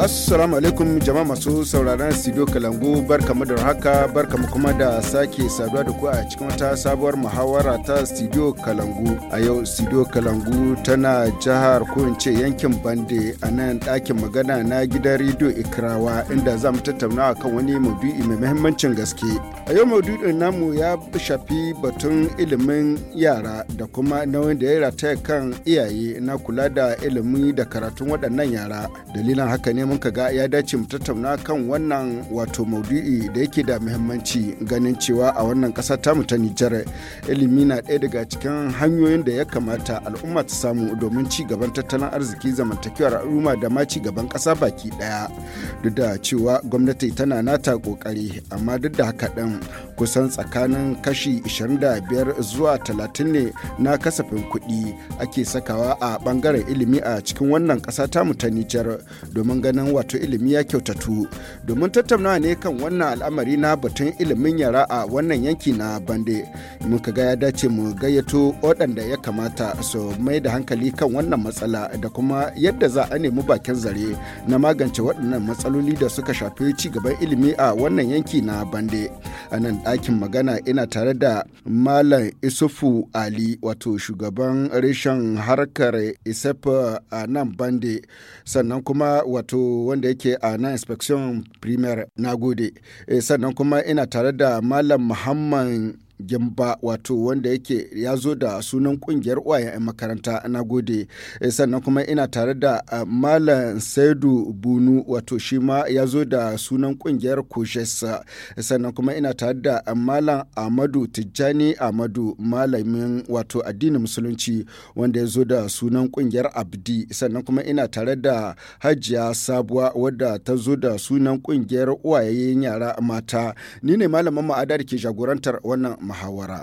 Assalamu alaikum jama'a masu sauraron Sido Kalangu barkamu da haka barkamu kuma da sake saduwa da ku a cikin wata sabuwar muhawara ta Sido Kalangu. A yau studio Kalangu tana jihar kunce yankin Bande a nan ɗakin magana na gidan rediyo ikrawa inda za mu tattauna kan wani maudu'i mai muhimmancin gaske. A yau maudu'in namu ya shafi batun ilimin yara da kuma nauyin da ya rataya kan iyaye na kula da ilimi da karatun waɗannan yara. dalilan haka ne mun ga ya dace mu tattauna kan wannan wato maudu'i da yake da muhimmanci ganin cewa a wannan kasa ta mu ta Nijar ilimi na ɗaya daga cikin hanyoyin da ya kamata al'umma ta samu domin ci gaban tattalin arziki zamantakewar al'umma da ma ci gaban kasa baki ɗaya duk da cewa gwamnati tana nata kokari amma duk da haka ɗin kusan tsakanin kashi 25 zuwa 30 ne na kasafin kuɗi ake sakawa a ɓangaren ilimi a cikin wannan ƙasa tamu ta Nijar domin ganin nan wato ilimi ya kyautatu domin tattaunawa ne kan wannan al'amari na batun ilimin yara a wannan yanki na bande muka ga ya dace mu gayyato waɗanda ya kamata su mai da hankali kan wannan matsala da kuma yadda za a nemi bakin zare na magance waɗannan matsaloli da suka shafi ci gaban ilimi a wannan yanki na bande a nan ɗakin magana ina tare da malam isufu ali wato shugaban reshen harkar isep a nan bande sannan kuma wato wanda yake a na inspection premier na gode eh, sannan kuma ina tare da malam muhammad Gimba wato wanda yake ya zo da sunan kungiyar waya a makaranta na gode eh, sannan kuma ina tare da ah, Malam Saidu Bunu wato shi ma ya zo da sunan kungiyar Kushes eh, sannan kuma ina tare da ah, Malam Amadu Tijjani Amadu malamin wato addinin musulunci wanda ya zo da sunan kungiyar Abdi sannan kuma ina tare da Hajiya Sabuwa wadda ta zo da sunan kungiyar uwayen yara mata ni ne malamin ke jagorantar wannan muhawara.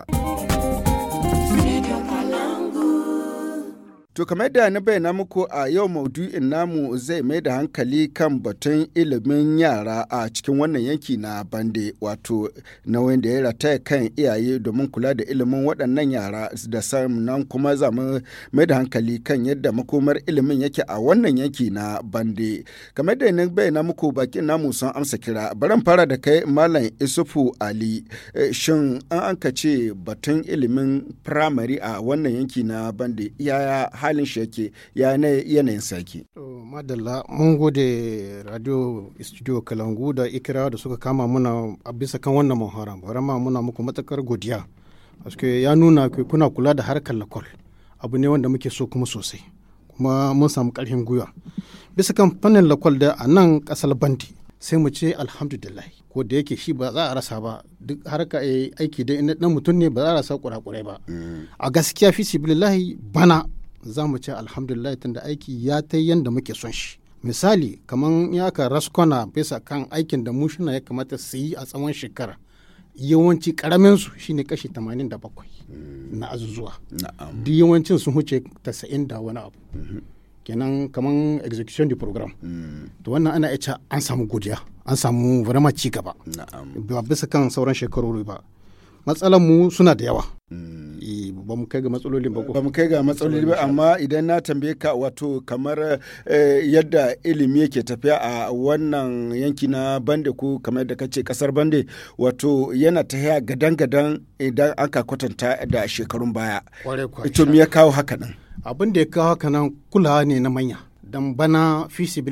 To kamar da na bayyana muku a yau maudu'in namu zai mai da hankali kan batun ilimin yara a cikin wannan yanki na bande wato nauyin da ya rataya kan iyaye domin kula da ilimin waɗannan yara da sannan kuma za mu mai da hankali kan yadda makomar ilimin yake a wannan yanki na bande. Kamar da na bayyana muku bakin namu sun amsa kira baran fara da kai Malam Isufu Ali eh, shin an ka ce batun ilimin firamare a wannan yanki na bande yaya halin shi yake ya yanayin sake. madalla mun gode radio studio kalangu da ikira da suka kama muna a bisa kan wannan muharam barama muna muku matakar godiya aske ya nuna kuna kula da harkar lakol abu ne wanda muke so kuma sosai kuma mun samu karfin gwiwa bisa kan fannin lakol da a nan kasar bandi sai mu ce alhamdulillah ko da yake shi ba za a rasa ba duk harka eh, aiki da dan mutum ne ba za a rasa kurakurai ba mm. a gaskiya fi bana za mu ce alhamdulillah tunda aiki ya ta yadda muke son shi misali kamar ya ka raskona bisa kan aikin da mushina ya kamata su yi a tsawon shekara yawanci karamin su shine kashi 87 na azuzuwa duk yawancin sun huce 90 da wani abu mhm. kenan kamar execution di program mm. to wannan ana iya an samu godiya an samu vraiment ci gaba ba bisa kan sauran shekaru ba matsalan mu suna da yawa mm. eh, ba mu kai ga matsalolin ba ba mu kai ga matsaloli ba amma idan na tambaye ka wato kamar eh, yadda ilimi yake tafiya a wannan yanki na bande ko kamar yadda kace kasar bande wato yana ta haya gadan-gadan idan aka kwatanta da shekarun baya to me ya kawo haka nan abin da ya kawo haka nan kulawa ne na manya dan bana fi sai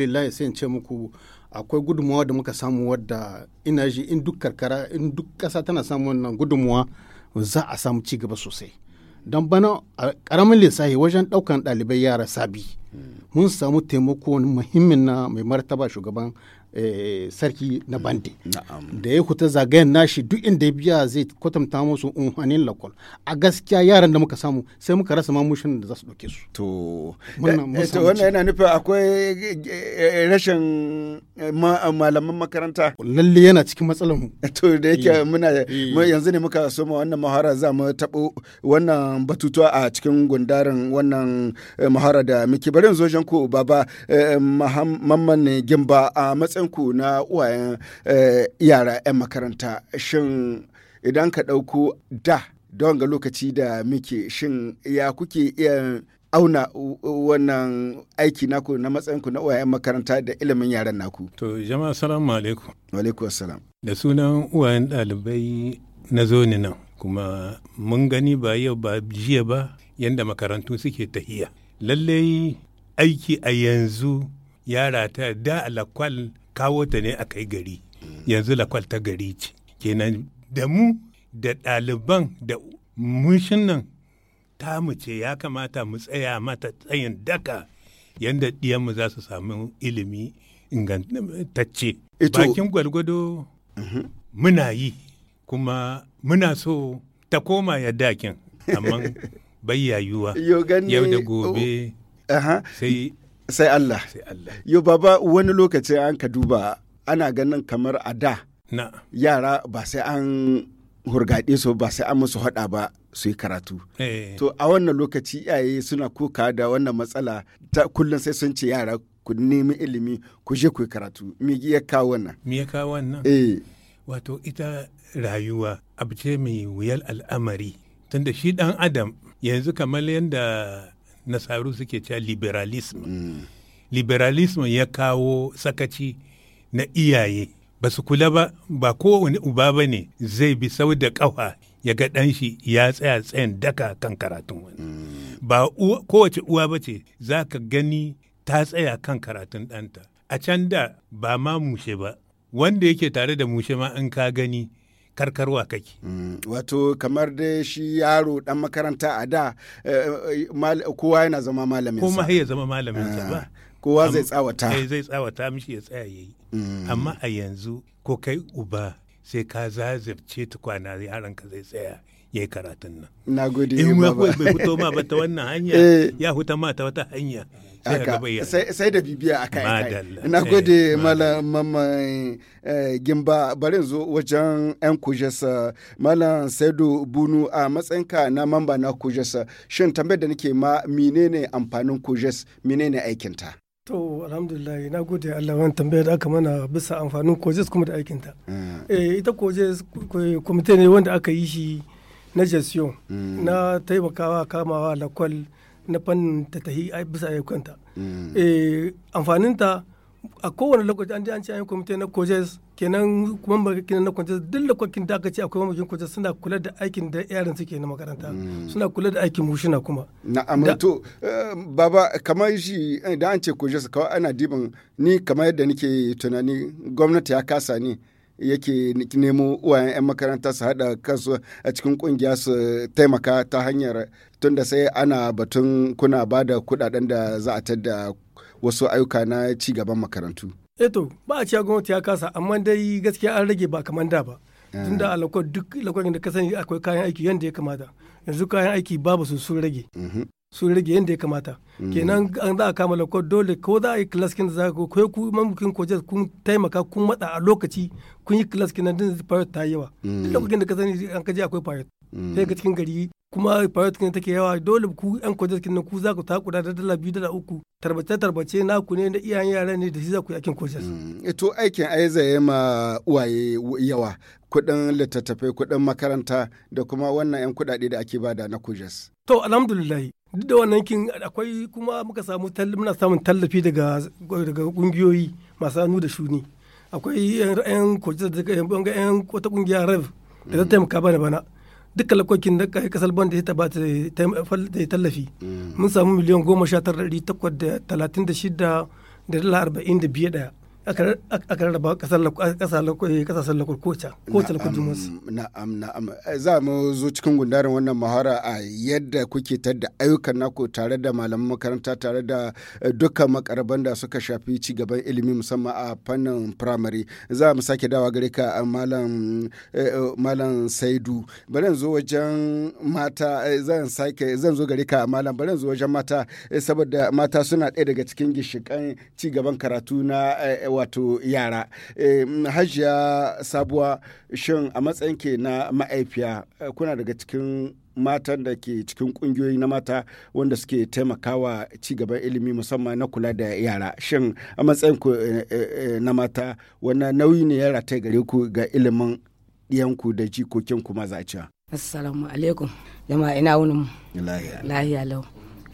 in ce muku akwai gudunmawa da muka samu wadda ina ji in duk karkara in duk ƙasa tana samun wannan gudunmawa za a samu ci gaba sosai don bana a ƙaramin lissafi wajen ɗaukan ɗalibai yara sabi mun samu taimako muhimmin na mai martaba shugaban Eh, sarki na bande da ya kuta zagayen nashi duk inda ya biya zai kwatanta musu unhanin lakol a gaskiya yaran da muka samu sai muka rasa mamushin da za su ɗauke su to eh, eh, wannan yana nufin akwai rashin malaman makaranta lalle yana cikin matsalar mu to da yake muna yanzu ne muka soma wannan mahara za mu taɓo wannan batutuwa a cikin gundarin wannan mahara da muke bari zo ku baba mamman gimba a matsayin ku na uwayen eh, yara 'yan makaranta shin idan ka ɗauko da don ga lokaci da muke shin ya kuke iya auna wannan aiki naku na matsayinku na uwayen makaranta da ilimin yaran naku. To jama'a salamu alaikum. alaikum Da sunan uwayen ɗalibai na zoni nan kuma mun gani ba yau ba jiya ba yadda makarantu suke tahiya. Lallai aiki a yanzu yara ta da alakwal kawo ta ne a kai gari yanzu lakwal ta gari ce kenan da mu da ɗaliban da mushin nan ta mu ce ya kamata mu tsaya mata tsayin daka yadda ɗiyanmu za su samu ilimi ingantacce eh bakin gwargwado mm-hmm. muna yi kuma muna so ta koma ya dakin amma bai yau da gobe oh, uh-huh. sai sai Allah yo baba wani lokaci an ka duba ana ganin kamar a da yara ba sai an hurgaɗe su ba sai an musu haɗa ba su yi karatu. Eh. To a wannan lokaci iyaye suna kuka da wannan matsala ta kullum sai sun ce yara ku nemi ilimi ku je ku yi karatu. Me ya kawo wannan? Me ya kawo wannan? Eh. Wato ita rayuwa abu ce mai wuyar al'amari. Tunda shi ɗan Adam yanzu kamar yadda nasaru suke cewa liberalism mm. liberalism ya kawo sakaci na iyaye ba su kula ba ba kowane uba ba ne zai bi sau da ƙafa ya ga ɗan shi ya tsaya tsayin daka kan karatun wani mm. ba kowace uwa ba ce za ka gani ta tsaya kan karatun ɗanta a can da ba ma mushe ba wanda yake tare da mushe ma in ka gani karkarwa kake. Mm, wato kamar dai shi yaro dan makaranta a da eh, eh, kowa yana zama malamin sa. Kuma ya zama malamin sa ah, ba. Kowa zai tsawata. Eh, zai tsawata mishi ya tsaya yayi. Mm. Amma a yanzu ko kai uba sai ka zazirce tukwana yaranka zai tsaya ya yi karatun nan. Na gode In ba. bai fito ma ba ta wannan hanya eh. ya huta ma ta wata hanya. Sai da bibiya a kai kai. Na gode eh, malam mamman eh, gimba bari zo wajen 'yan kujesa malam saido bunu a matsayinka na mamba na kujesa shin tambayar da nake ma menene amfanin kujes menene aikinta. To alhamdulillah na gode Allah wani tambaya da aka mana bisa amfanin kojes kuma da aikinta. Hmm. Eh, ita kojes kwamite ne wanda aka yi shi na gestion hmm. na taimakawa kamawa lakwal na fannin ta tahi bisa ayyukanta. Hmm. Eh, amfaninta a kowane lokaci an je an ce an yi kwamite na kojes kenan kuma mambakin na kojes duk kwakin da aka ce akwai mambakin kojes suna kula da aikin da yaran suke na makaranta mm. suna kula da aikin mushina kuma na amintu eh, baba kamar shi eh, da an ce kojes kawai ana diban ni kamar yadda nake tunani gwamnati ya kasa ni yake nemo uwayen 'yan makaranta su haɗa kansu a cikin ƙungiya su taimaka ta hanyar tunda sai ana batun kuna ba da kuɗaɗen da za a tada wasu ayyuka na ci gaban makarantu. Eto eh ba a ciya gwamnati ya kasa amma dai gaskiya an rage ba kamar da ba. Eh. Tun da alakwar duk lokacin da ka akwai kayan aiki yadda ya kamata yanzu kayan aiki babu su sun rage. Mhm. Sun rage yadda ya kamata. Mm. Kenan an za a kama lako dole ko za a yi kilaskin da za ko ku mamukin kojas kun taimaka kun matsa a lokaci kun yi kilaskin nan din pirate ta yawa. Mm. Duk lokacin da ka sani an kaji akwai pirate. Mm. Sai ga cikin gari kuma fayot kin take yawa dole ku yan kwajar kin ku za ku kuda da dala biyu dala uku tarbace tarbace na ku ne da iyayen yara ne da shi za ku yi aikin kwajar. Mm. to aikin ai zai ma uwaye yawa kuɗin littattafai kuɗin makaranta da kuma wannan yan kuɗaɗe da ake bada na kujas. to alhamdulillah duk da wannan kin akwai kuma muka samu muna samun tallafi daga daga kungiyoyi masu hannu da shuni akwai yan yan kwajar yan wata kungiya rev da ta mm. taimaka bana bana. dukkan lakokin na kasar ban da ta ba ta tallafi mm. mun samu miliyan goma sha tara da takwas da talatin da shida da dala arba'in da biye daya a aka rarraba eh, kasashen lakurkoca kowace lakurjin wasu. Na'am na'am eh, za mu zo cikin gundarin wannan mahara a yadda kuke tadda ayyukan naku tare da malaman makaranta tare da eh, dukkan makaraban da suka shafi ci gaban ilimi musamman a fannin firamare za mu sake dawa gare ka malam malam saidu bari zo wajen mata zan sake zan zo gare ka malam bari zo wajen mata saboda mata suna ɗaya daga cikin gishikan ci gaban karatu na wato yara eh, hajiya sabuwa shin a matsayinke na ma'aifiya eh, kuna daga cikin matan da ke cikin kungiyoyi na mata wanda suke taimakawa ci gaban ilimi musamman na kula da yara shin a matsayin ku eh, na mata wannan nauyi ne yara ta gare ku ga ilimin ɗiyanku da jikokinku mazaciya assalamu alaikum jama'a ina wunin lahiya lau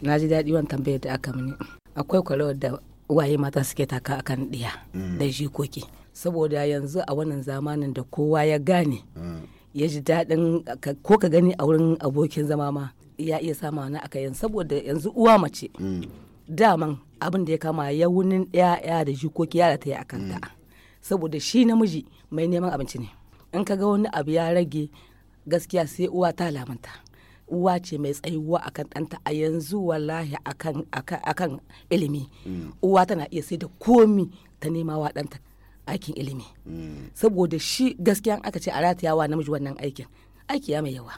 na ji daɗi wani tambayar da aka mini akwai kwarawar da uwaye mata suke taka akan ɗiya mm. da jikoki saboda yanzu a wannan zamanin da kowa ya gane mm. ya ji daɗin ko ka gani a wurin abokin zama ma ya iya sama na aka yin saboda yanzu uwa mace mm. daman abin da ya kama ya wunin ɗaya da jikoki ya ta yi a kanta saboda shi namiji mai neman abinci ne in ka ga wani abu ya rage gaskiya sai uwa ta lamunta uwa ce mai tsayuwa akan ɗanta a yanzu wallahi akan akan ilimi mm. uwa tana iya sai da komi ta nema wa ɗanta aikin ilimi mm. saboda shi gaskiya aka ce a ratayawa namiji wannan aikin aiki ya mai yawa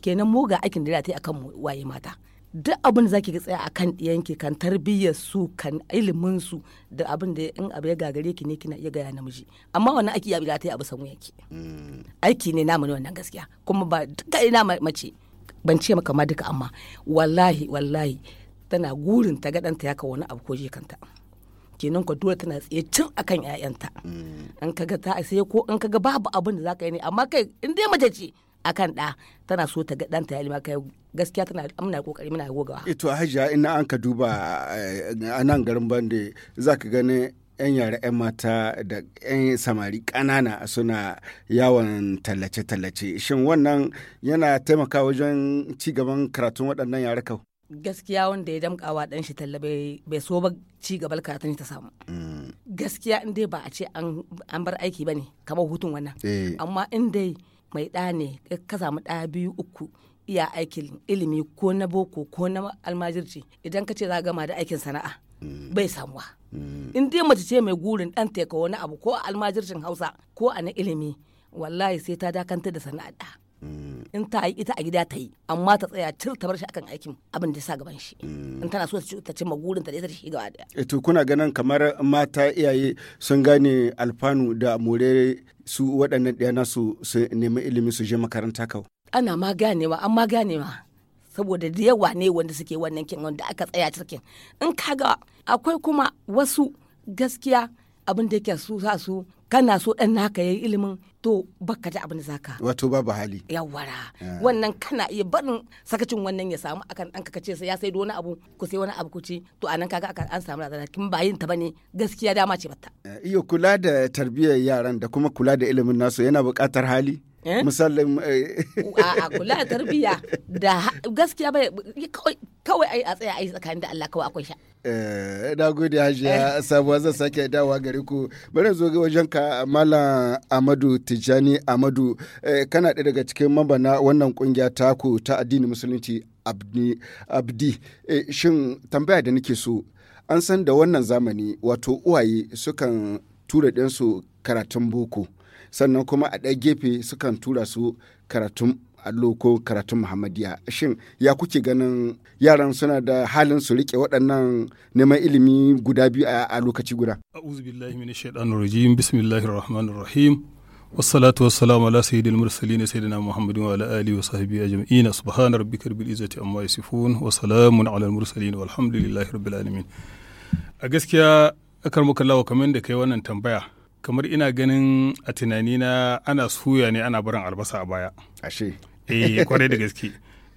kenan mu aikin da za ta yi akan waye mata duk abin da zaki ga tsaya akan ɗiyanki kan tarbiyyar su kan ilimin su da abin da in abu ya gagare ki ne kina iya gaya namiji amma wannan aiki ya ta yi abu san wuyanki mm. aiki ne namu ne wannan gaskiya kuma ba duka ina mace ban ce maka ma duka amma wallahi wallahi tana gurin ta gadanta ya ka wani abu ko je kanta kenan ko dole tana tsaye cin akan ƴaƴanta an mm. kaga ta sai ko an kaga babu abin da zaka yi ne amma kai in dai mace ce akan ɗa tana so ta ga ɗanta ya lima kai gaskiya tana muna kokari muna gogawa. Ito eh hajiya ina an ka duba eh, a nan garin bande za ka 'yan yare 'yan mata da 'yan samari ƙanana suna yawon tallace-tallace shin wannan yana taimaka wajen ci gaban karatun waɗannan yara kau gaskiya wanda ya wa ɗan shi talla bai so ba ci gaban karatun ta samu mm. gaskiya in dai ba a ce an bar aiki ba ne kamar hutun wannan eh. amma in dai mai ɗa ne ka samu ɗa biyu uku iya aikin ilimi ko na boko ko na almajirci idan ka ce za gama da aikin sana'a mm. bai samuwa in dai mace ce mai gurin dan teka wani abu ko a almajircin hausa ko a na ilimi wallahi sai ta dakanta da sana'a da mm. in ta yi ita a gida ta yi amma ta tsaya cir ta bar shi akan aikin abin da sa gaban shi mm. in tana so ta ci gurin ta da shi gaba daya eh to kuna ganin kamar mata iyaye sun gane alfanu da more su waɗannan ɗaya nasu su nemi ilimi su je makaranta kau ana ma ganewa an ma ganewa saboda da yawa ne wanda suke wannan kin wanda aka tsaya cikin in kaga akwai kuma wasu gaskiya abin da yake su sa su kana so ɗan naka yayi ilimin to baka da abin zaka wato babu hali yawara ah. wannan kana iya barin sakacin wannan ya samu akan ɗanka kace sai ya sai wani abu ku sai wani abu ku ci to anan kaga akan an samu razana kin ba yin ta bane gaskiya dama ce batta eh, iyo kula da tarbiyyar yaran da kuma kula da ilimin nasu yana buƙatar hali eh? misalin eh. a kula da tarbiyya da gaskiya bai kawai a tsaya a yi tsakanin da Allah kawai akwai sha Eh, na gode hajiya eh. sabuwa zan sake dawa gare ku bari zo wajen ka malam amadu tijani amadu eh, kana ɗaya daga cikin mabana wannan kungiya taku ta addinin musulunci abdi shin tambaya da nake so an san da wannan zamani wato uwaye sukan tura ɗansu karatun boko sannan kuma a ɗaya gefe sukan tura su karatun allo ko karatun muhammadiya shin ya kuke ganin yaran suna da halin su rike waɗannan neman ilimi guda biyu a lokaci guda a'udhu billahi minash shaitanir rajim bismillahir rahmanir rahim wassalatu wassalamu ala sayyidil mursalin sayyidina muhammadin wa ala alihi wa sahbihi ajma'in subhana rabbika rabbil izzati amma yasifun wa salamun ala al mursalin walhamdulillahi rabbil alamin a gaskiya akar muka lawa kamar da kai wannan tambaya kamar ina ganin a tunanina ana suya ne ana barin albasa a baya ashe eh kwarai da gaske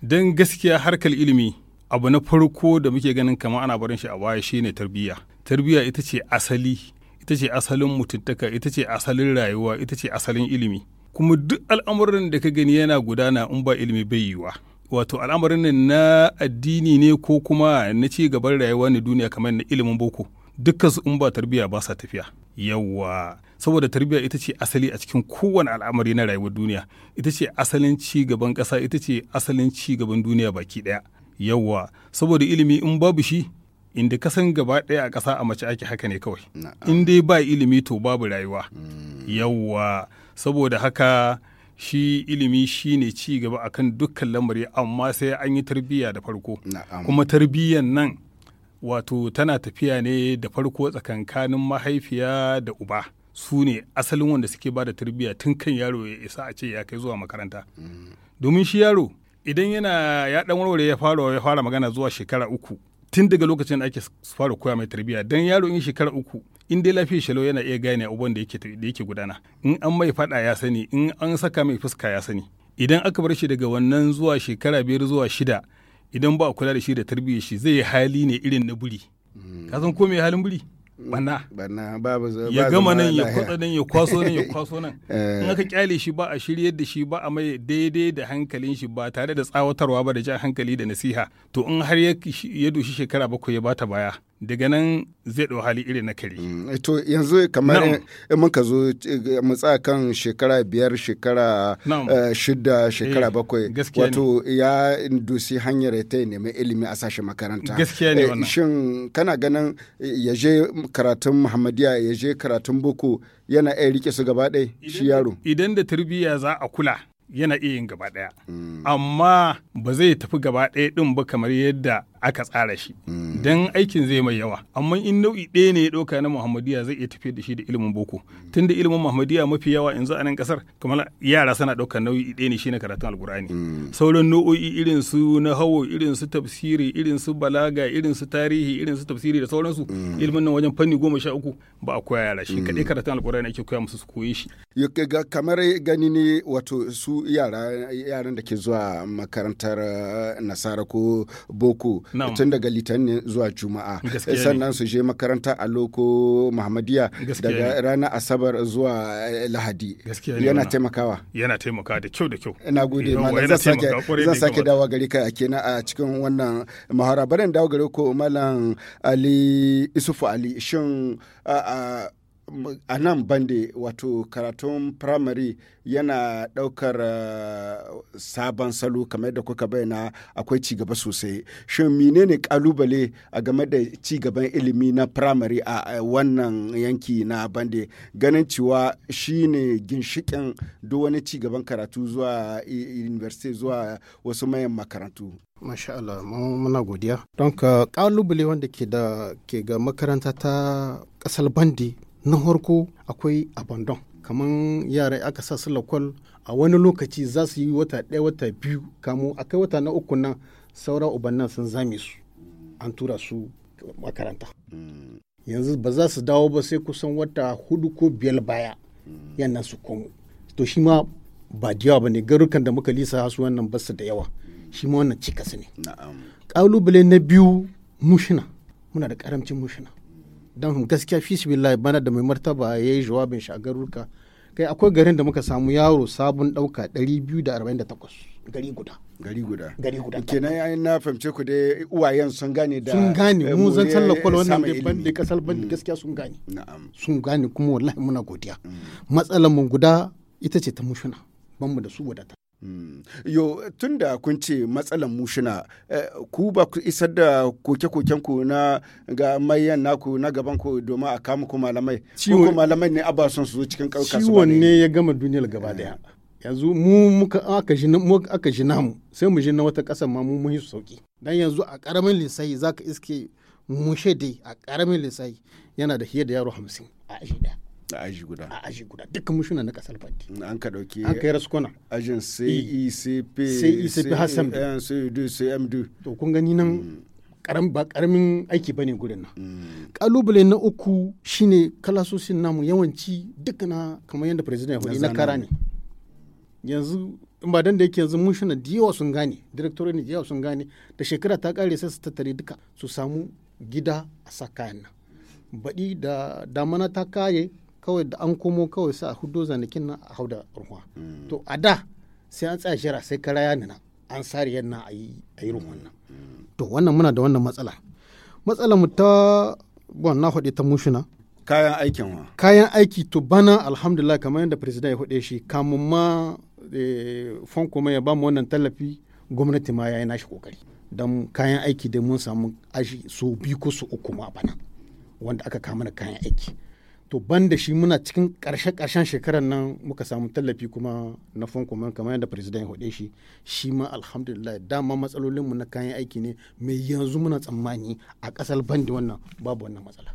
don gaskiya harkar ilimi abu na farko da muke ganin kamar ana barin shi a baya shine tarbiyya tarbiyya ita ce asali ita ce asalin mutuntaka ita ce asalin rayuwa ita ce asalin ilimi kuma duk al'amuran da ka gani yana gudana in ba ilimi bai yiwa wato al'amuran na addini ne ko kuma na ci gaban rayuwa na duniya kamar na ilimin boko dukkan su in ba tarbiyya ba sa tafiya yawa saboda tarbiyya ita ce asali a cikin kowane al'amari na rayuwar duniya ita ce asalin ci gaban ƙasa ita ce asalin ci gaban duniya baki ɗaya yawa saboda ilimi in babu shi inda ka san gaba ɗaya a ƙasa a mace ake haka ne kawai in dai ba ilimi to babu rayuwa hmm. yawa saboda haka shi ilimi shi ne ci gaba akan dukkan lamari amma sai an yi tarbiyya da farko kuma tarbiyyan nan wato tana tafiya ne da farko tsakankanin mahaifiya da uba su ne asalin wanda suke ba da tarbiyya tun kan yaro ya isa a ce ya kai zuwa makaranta domin shi yaro idan yana ya dan warware ya fara ya fara magana zuwa shekara uku tun daga lokacin da ake fara koya mai tarbiyya dan yaro in shekara uku in dai lafiya shalo yana iya gane abubuwan da yake da yake gudana in an mai fada ya sani in an saka mai fuska ya sani idan aka bar shi daga wannan zuwa shekara biyar zuwa shida idan ba a kula da shi da tarbiyyar shi zai hali ne irin na buri mm. ka san ko mai halin buri mm. bana bana babu ya gama nan ya kwatsa nan ya kwaso nan ya kwaso nan eh. in aka kyale shi ba a shiryar da shi ba a mai daidai da hankalin shi ba tare da tsawatarwa ba da jan hankali da nasiha to in har ya doshi shekara bakwai ya bata baya daga nan zai ɗau hali irin na kare. Mm, eh, to yanzu kamar in muka zo eh, mu kan shekara biyar shekara eh, shida shekara bakwai wato ya dusi hanyar ya ta nemi ilimi a sashen makaranta. Gaskiya ne wannan. Shin kana ganin ya je karatun Muhammadiya ya je karatun boko yana iya rike su gaba ɗaya shi yaro. Idan da tarbiyya za a kula. yana iya yin gaba ɗaya. Mm. Amma ba zai tafi gaba ɗaya ɗin ba kamar yadda aka tsara shi mm. don aikin zai mai yawa amma in nau'i ɗaya ne ya ɗauka na muhammadiya zai iya tafiya da shi da ilimin boko mm. tun da ilimin muhammadiya mafi yawa yanzu a nan kasar kamar yara suna ɗaukar nau'i ɗaya ne shi na karatun alkur'ani mm. sauran nau'o'i irin su na hawo irin su tafsiri irin su balaga irin su tarihi irin su tafsiri da sauransu ilimin nan wajen fanni goma sha uku ba a koya yara shi kaɗai karatun alkur'ani ake koya musu su koyi shi kamar gani ne wato su yara yaran da ke zuwa makarantar eh, nasara ko boko tun daga litinin zuwa juma'a sannan su je makaranta a loko muhammadiya daga ranar asabar zuwa eh, lahadi yana taimakawa yana taimakawa da kyau da kyau na gode malam zan sake dawa gari a kenan a cikin wannan mahara barin dawo gari ko malam ali isufu ali shin a nan bande wato karatun firamare yana daukar eh, sabon salo kamar da kuka bayyana akwai cigaba sosai shin menene kalubale a game da cigaban ilimi na firamare a eh, wannan yanki na bande ganin cewa shine ginshikin duk wani cigaban karatu zuwa eh, university zuwa wasu mayan makarantu Masha Allah, muna godiya. Don ka kalubale wanda ke ke ga makaranta ta kasar bandi na harko akwai abandon kamar yara aka sa su lakwal a wani lokaci za su yi wata ɗaya wata biyu kamo akai wata na uku nan saura ubannan sun zame su an tura su makaranta yanzu ba za su dawo ba sai kusan wata hudu ko biyar baya yana su komo to shi ma ba da yawa ba ne garukan da muka lisa su wannan basu da yawa shi ma wannan cikas ne ƙalubale na biyu mushina muna da karamcin mushina don gaskiya fi su billahi bana da mai martaba ya yi jawabin shi a garuruka kai akwai garin da muka samu yaro sabon dauka 248 gari guda gari guda gari guda kenan ya na fahimce ku dai uwayen sun gane da sun gane eh, mu zan tallafa wannan da ban da kasal ban mm. gaskiya sun gane na'am sun gane kuma wallahi muna godiya mm. matsalar mu guda ita ce ta mushuna ban mu da su wadata Hmm. Yo tun da kun ce matsalan mushina eh, ku ba ku isar da koke ku na ga mayan naku na gaban ku domin a kama ku malamai ko malamai ne ba su zo cikin kauka su ciwon ya gama duniyar gaba daya yanzu mu muka aka shi mu aka shi namu sai mu shi na wata kasar ma mu mun yi sauki dan yanzu a karamin lisai zaka iske mushe dai a karamin lisai yana da hiyar da yaro hamsin. a a aji guda a aji guda dukkan mushina na kasar fadi an ka dauke an kai raskona ajin CECP e. CECP Hassan du CMD e eh, e to kun gani nan mm. karam ba karamin aiki bane gurin nan mm. kalubale na uku shine kalasosin namu yawanci dukkana kamar yadda president ya na kara ne yanzu in ba dan da yake yanzu mushina da yawa sun gane director ne da yawa sun gane da shekara ta kare sai su tattare duka su samu gida a sakayan nan baɗi da damana ta kaye kawai da an komo kawai sai a hudo zanakin nan a da ruwa mm. to a da sai an tsaya shira sai kara ya nuna an sare yana a yi ruwan nan mm. to wannan muna da wannan matsala Matsala mu ta bon na hudu ta mushina kayan aikin wa kayan aiki to bana alhamdulillah kamar yadda president ya hude shi kamun ma eh, fon kuma ya bamu wannan tallafi gwamnati ma ya yi nashi kokari don kayan aiki da mun samu aji so biyu ko su uku ma bana wanda aka kama da kayan aiki to ban da shi muna cikin karshe karshen shekarar nan muka samu tallafi kuma na fonkoman kamar yadda president ya hode shi shi ma alhamdulillah dama matsalolinmu na kayan aiki ne mai yanzu muna tsammani a kasar bandi wannan babu wannan matsala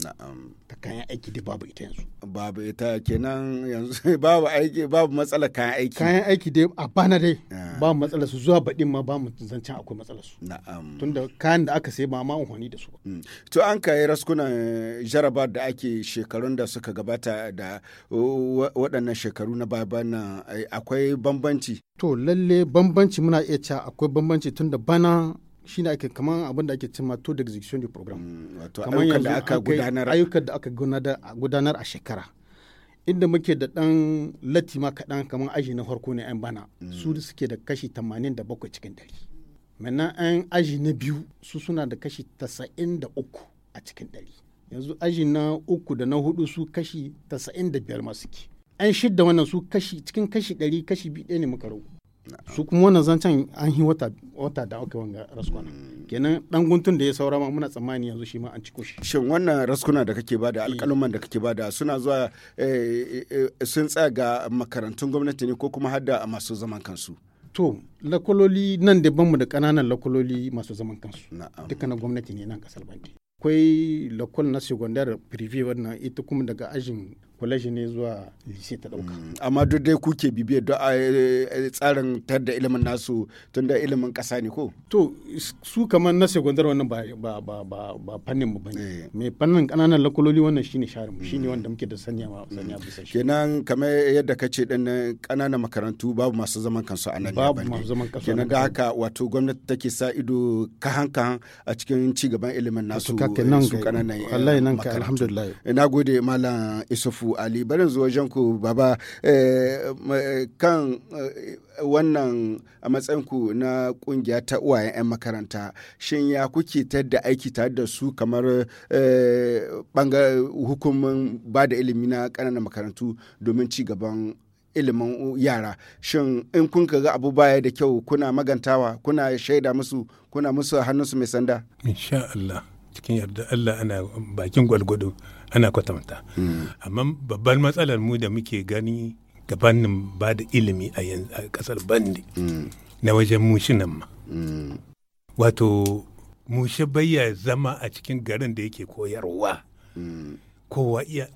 na'am ta kayan aiki da babu ita yanzu babu ita kenan yanzu babu aiki babu matsala kayan aiki kayan aiki dai a bana dai ah. ba matsala su zuwa baɗin ma ba mu zancen akwai matsala su na'am tunda kayan da aka sai ba ma unhwani da su mm. to an kai raskunan eh, jarabar da ake shekarun da suka gabata da waɗannan shekaru na baya nan eh, akwai bambanci to lalle bambanci muna iya cewa akwai bambanci tunda bana ne ake kaman abin da ake ma to the execution program mm, kamar yanzu ayyukan da aka gudanar a shekara inda muke da dan lati ma kaɗan kamar aji na farko ne yan bana mm. su suke da kashi 87 cikin 100 mana yan aji na biyu su suna da kashi 93 a cikin dari. yanzu aji na uku da na hudu su kashi 95 masu ke yan shidda wannan su kashi cikin kashi 100 kashi biyu ne muka rabu su kuma wannan zancen an yi wata wata da aka wanga raskuna mm. kenan dan guntun da ya saura ma muna tsammani yanzu shi ma an ciko shi shin wannan raskuna da kake bada eh. alƙaluman da kake bada suna zuwa eh, eh, sun tsaya ga makarantun gwamnati ne ko kuma har da masu zaman kansu to lakololi nan da banmu da ƙananan lakololi masu zaman kansu duka na gwamnati ne nan kasar bandi akwai lakol na secondary privé wannan ita kuma daga ajin kwalashi ne zuwa lise ta dauka mm, amma duk dai kuke bibiya da ah, eh, tsarin tadda ilimin nasu tun da ilimin kasa ne ko to su kamar na sekundar wannan ba ba fannin mu bane eh. mai fannin kananan lakololi wannan shine sharin shine wanda muke da sanya ma sanya mm. bisa shi kenan kamar yadda ka ce din kananan makarantu babu masu zaman kansu a nan babu masu zaman kansu kenan ga haka wato gwamnati take sa ido kahan kahan a cikin cigaban ilimin nasu su kananan wallahi nan eh, ka alhamdulillah na gode malam isufu Ali barin zuwa wajenku baba eh, kan eh, wannan a ku na kungiya ta uwayen 'yan makaranta shin ya kuke da aiki tare da su kamar eh, hukumin ba da ilimi na ƙananan makarantu domin ci gaban ilimin yara shin in kun ga abu baya da kyau kuna magantawa kuna shaida musu kuna musu hannunsu mai sanda insha Allah cikin yarda Allah ana bakin gwalgwado ana kwatanta amma babban matsalar mu da muke gani gabanin ba da ilimi a kasar bandi na wajen mushinan ma wato mushe bayya zama a cikin garin da yake koyarwa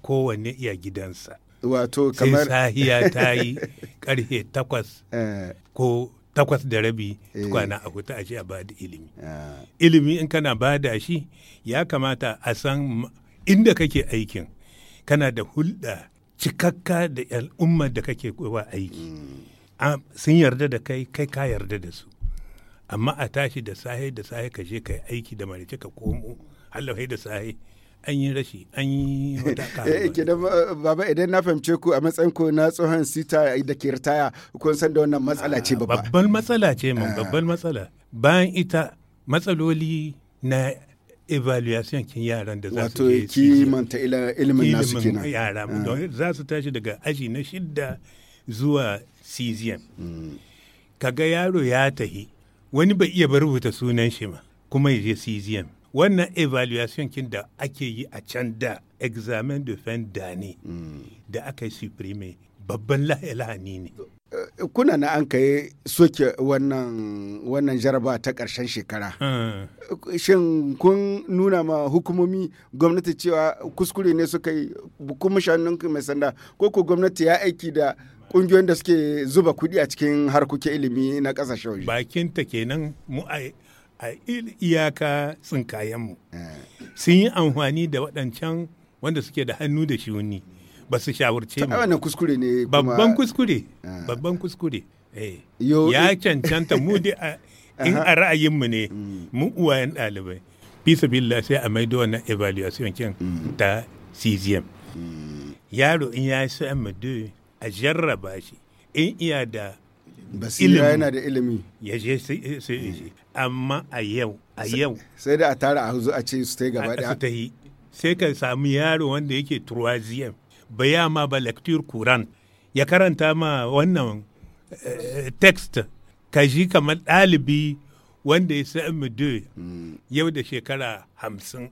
kowanne iya gidansa wato kamar sai sahiya ta yi karfe takwas eh. ko takwas da rabi eh. tukwana a huta a shi a bada ilimi ah. ilimi in kana bada shi ya kamata a san inda kake aikin kana da hulɗa cikakka da al'ummar da kake kowa aiki sun yarda da kai kai ka yarda da su amma a tashi da sahi da sahi ka je kai aiki da marice ka komo hallafai da sahi an yi rashi an yi eh, baba idan na fahimce ku a matsayin ko na tsohon sita da ke ritaya kun san da wannan matsala ce ah, babba babban matsala ce mun ah. babban matsala bayan ita matsaloli na evaluation kin yaran da za su je kimanta ilimin nasu kenan yara ah. don za su tashi daga aji na shidda zuwa cesium hmm. kaga yaro ya tahi wani bai iya bar rubuta sunan shi ma kuma ya je cesium wannan evaluation kin da ake yi a can da examen de fin d'année hmm. da aka yi supreme babban lahani ne kuna na an kai soke wannan jaraba ta ƙarshen shekara eh. shin kun nuna ma hukumomi gwamnati cewa kuskure ne suka yi kuma shanunku mai sanda ko ko gwamnati ya aiki da ƙungiyoyin da suke zuba kuɗi a cikin harkokin ilimi na ƙasashen waje bakin ta kenan mu a iyaka tsinkayenmu eh. sun yi amfani da waɗancan wanda suke da hannu da shi wuni ba su shawarce mu wannan kuskure ne babban kuskure ah. babban kuskure eh, ya eh. cancanta mu dai in a ra'ayinmu ne mm. mu uwayen ɗalibai bisa billah sai a maido wannan evaluation kin mm. ta CGM mm. yaro in ya yi madu a jarraba shi in iya da basira yana da ilimi ya je sai amma a yau a yau sai da a tara a huzu a ce su ta yi gaba daya su ta yi sai ka samu yaro wanda yake turwaziyam baya ma ba lecture quran ya karanta ma wannan eh, text ka kamar ɗalibi wanda ya sa sa'in yau da shekara hamsin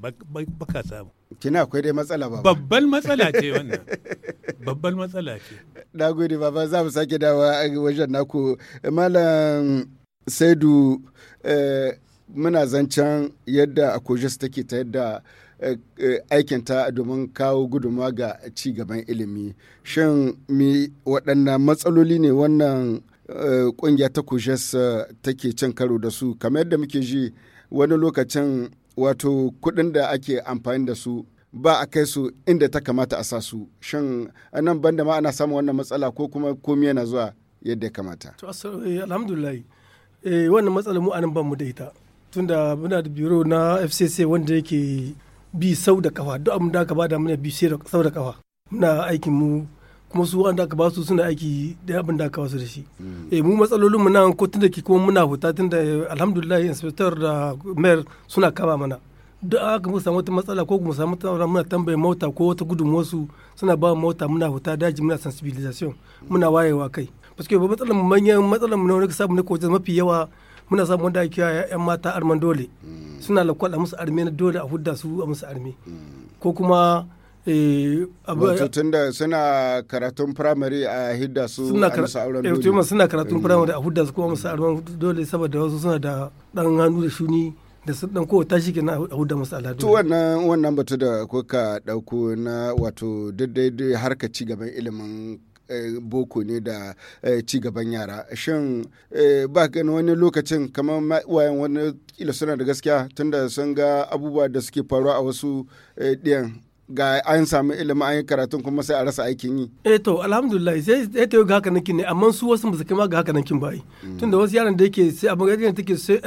baka samu. Kina akwai dai matsala ba. babbal matsala ce wannan. babbal matsala ce. Na gode baba za mu sake dawa wajen naku. Malam Saidu eh, muna zancen yadda Akojus take ta yadda Eh, eh, aikinta domin kawo gudunmawa ga ci gaban ilimi shin mi waɗannan matsaloli ne wannan eh, ƙungiya ta kujes take cin karo da su kamar yadda muke ji wani lokacin wato kuɗin da ake amfani da su ba a kai su inda ta kamata a sa su shin nan banda ma ana samun wannan matsala ko kuma komi yana zuwa yadda ya kamata to alhamdulillah eh wannan matsalar mu anan ban mu da ita tunda muna da biro na FCC wanda yake bi sau da kafa duk abin da aka bada mana bi sau da kafa muna aikin mu kuma su wanda aka ba su suna aiki da abin da aka ba da shi mm. eh mu matsalolin mu nan ko tunda ke kuma muna huta tunda eh, alhamdulillah inspector da mayor suna kaba mana duk aka mu samu wata matsala ko mu samu matsala muna tambaye mota ko wata gudunmuwar su suna ba mota muna huta daji muna sensibilisation muna wayewa kai parce que matsalar manyan matsalar mu ne wani samu ne ko mafi yawa muna samun wanda ake yawa yan mata arman dole mm. suna lakwal a musu arme na dole a hudda su a musu arme mm. ko kuma eh, wato tunda suna karatun firamare a hidda su a musu suna eh, dole suna karatun eh. firamare a hudda su kuma musu arman dole saboda wasu suna da dan hannu da shuni da su dan ko tashi kenan a hudda musu aladu to wannan wannan batu da kuka dauko na wato daidai harka ci gaban ilimin Eh, boko ne da eh, ci gaban yara shin eh, ba gani wani lokacin kamar wayan wani kila suna da gaskiya tunda sun ga abubuwa da suke faruwa a wasu ɗiyan ga an samu ilimi an yi karatun kuma sai a rasa aikin yi. eh to alhamdulillah sai ya tayo ga haka nakin ne amma su wasu ba kama ga haka nakin ba yi mm. tunda wasu yaran da yake sai abin ta take sai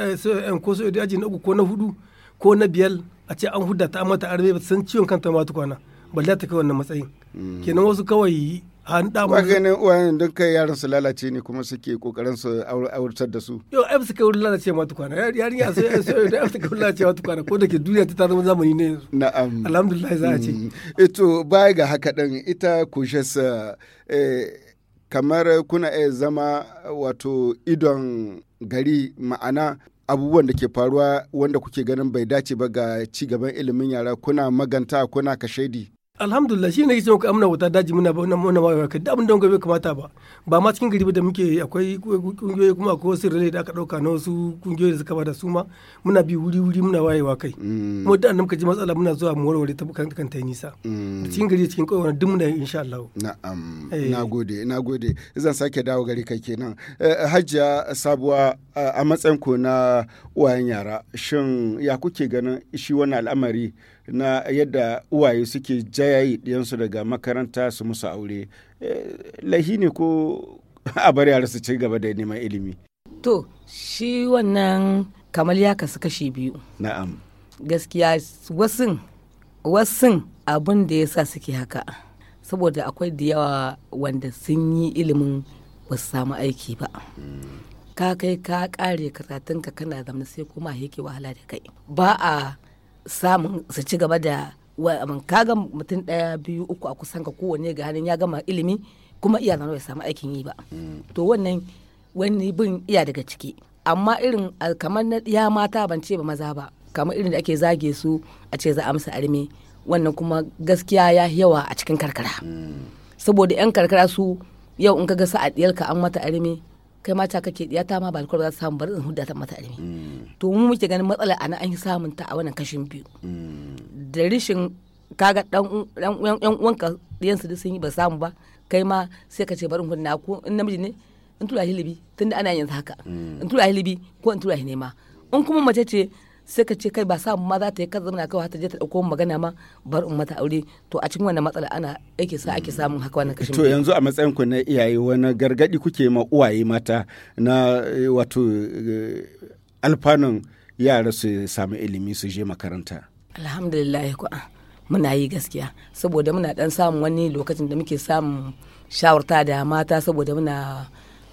ko sai aji na uku ko na hudu ko na biyar a ce an hudda ta amma ta arbe ba san ciwon kanta ma tukwana balle ta kai wannan matsayin mm. kenan wasu kawai an da mu ganin uwayen don kai yaran su lalace ne kuma suke kokarin su aurtar da su yo ai suka wurin lalace ma tukwana yarin ya so da suka wurin lalace ma tukwana ko da ke duniya ta zama zamani ne yanzu na'am alhamdulillah za a ce ito mm. eh, baya ga haka din ita kushes eh, kamar kuna iya zama wato idon gari ma'ana abubuwan da ke faruwa wanda kuke ganin bai dace ba ga ci gaban ilimin yara kuna maganta kuna kashedi alhamdulillah shi ne yake ka amna wuta daji muna ba muna ba ka da abin da bai kamata ba ba ma cikin gari da muke akwai kungiyoyi kuma akwai wasu rilai da aka dauka na wasu kungiyoyi da suka bada su ma muna bi wuri wuri muna wayewa kai mm. kuma da annabi kaji matsala muna zuwa mu warware ta kan kanta nisa mm. cikin gari cikin kai wannan duk muna yi insha Allah na'am eh. nagode nagode zan sake dawo gari kai kenan eh, hajjia sabuwa eh, a matsayin ko na uwayen yara shin ya kuke ganin shi wannan al'amari na yadda uwaye suke jayayi ɗiyansu daga makaranta su musu aure eh, lahi ne ko a bari yara su ci gaba da neman ilimi to shi wannan kamar ya kasu kashi biyu na'am gaskiya wasun wasun abin da ya sa suke haka saboda akwai da yawa wanda sun yi ilimin ba su samu aiki ba hmm. ka kai ka kare karatunka kana zama sai kuma yake wahala da kai ba a samun su ci gaba da um, ga mutum ɗaya biyu uku a kusan ka kowanne ga hannun ya gama ilimi kuma iya na bai samu aikin yi ba mm. to wannan wani bin iya daga ciki amma irin kamar na ya mata ban ce ba maza ba kamar irin da ake zage su a ce za a musu arme wannan kuma gaskiya ya yawa a cikin karkara mm. saboda yan karkara su yau in ka ga ka an mata arme kai mata kake ya ta ma ba alkawar za su samu bari in da ta mata ilimi mm. to mu muke ganin matsala ana an yi samun ta a wannan kashin biyu mm. da rishin kaga dan yan uwanka ɗiyan su sun yi ba samu ba kai ma sai ka ce bari in na ko in namiji ne in tura hilibi tunda ana yin haka mm. in tura hilibi ko in tura nema in kuma mace ce sai ka ce kai ba sa ma za ta yi ka zama kawai ta je ta dauko magana ma bar in mata aure to a cikin wannan matsala ana ake sa ake samun haka wannan kashin to yanzu a matsayin ku na iyaye wani gargadi kuke ma uwaye mata na eh, wato eh, alfanun yara su samu ilimi su je makaranta alhamdulillah ku muna yi gaskiya saboda muna dan samun wani lokacin da muke samun shawarta da mata saboda muna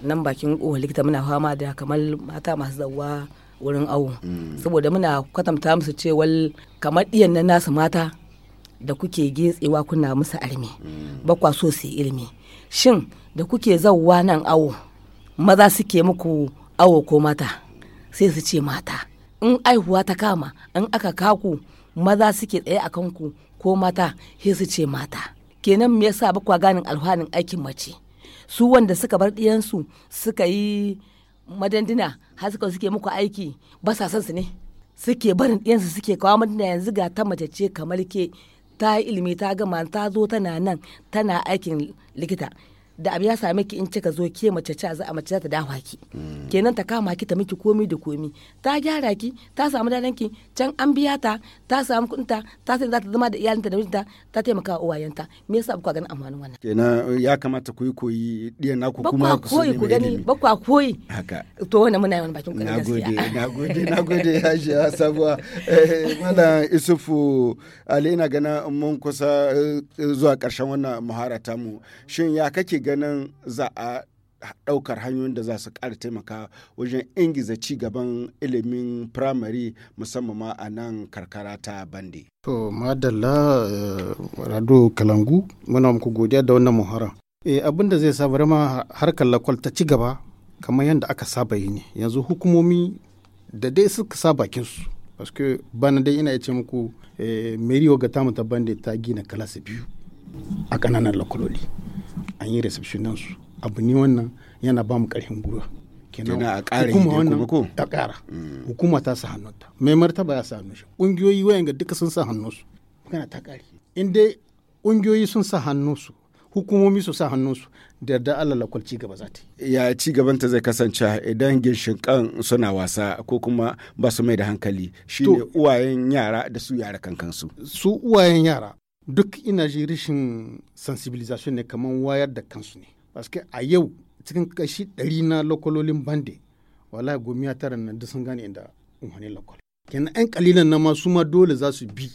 nan bakin kowa likita muna fama da kamar mata masu zawa wurin awo mm. saboda muna kwatanta musu cewar kamar ɗiyan na nasu mata da kuke getsewa kuna musu armi mm. bakwa so su ilimi shin da kuke zauwa nan awo maza suke muku awo ko mata sai su ce mata in aihuwa ta kama in aka kaku maza suke tsaye a kanku ko mata sai su ce mata kenan me yasa bakwa ganin alhanin aikin mace su wanda suka bar ɗiyansu suka yi madandina har suka suke muku aiki ba sa son su ne suke barin ɗiyansu suke kawo madina yanzu ga ta mace ce kamar ke ta yi ilimi ta gama ta zo tana nan tana aikin likita da abu ya same ki in ka zo ke mace ce za a mace ta dawa ki kenan ta kama ki ta miki komi da komi ta gyara ki ta samu dadan ki can an biya ta ta samu kudin ta ta sai za ta zama da iyalinta da mijinta ta taimaka wa uwayenta me yasa ba ganin amfanin wannan kenan ya kamata ku yi koyi diyan naku kuma ku koyi ku gani ba ku koyi haka to wannan muna yawan bakin na gaskiya na gode ya shi sabuwa eh, malam isufu ali ina gana mun kusa eh, zuwa karshen wannan muhara mu shin ya kake ganin za a ɗaukar hanyoyin da za su kara taimaka wajen ingiza ci gaban ilimin firamare musamman ma a nan karkara ta bande. To madalla eh, rado kalangu muna muku godiya da wannan muhara. E, abin da zai sa bari ma harkar lakwal ta ci gaba kamar yadda aka saba yi ne yanzu hukumomi da dai suka sa bakin bakinsu. Paske bana dai ina ce muku e, eh, meriwa ga tamu ta bande ta gina kalasa biyu a ƙananan lakwaloli. an yi reception nan su abu ne wannan yana ba mu karfin gwiwa kenan a ƙara hukuma mm. wannan ko a ƙara hukuma ta sa hannunta mai martaba ya sa hannun shi ƙungiyoyi ga duka sun sa hannun su kana ta ƙari in dai ƙungiyoyi sun sa hannun su hukumomi su sa hannun su da yarda Allah lakwal ci gaba za ta ya ci gaban ta zai kasance idan ginshin kan suna wasa ko kuma ba su mai da hankali shine uwayen yara da su yara kankansu su uwayen yara duk ina ji rashin sensibilisation ne kamar wayar da kansu ne paske a yau cikin kashi ɗari na lokololin bande wala gomiya tara nan duk sun gane inda unhani lokol kenan yan kalilan na masu ma dole za su bi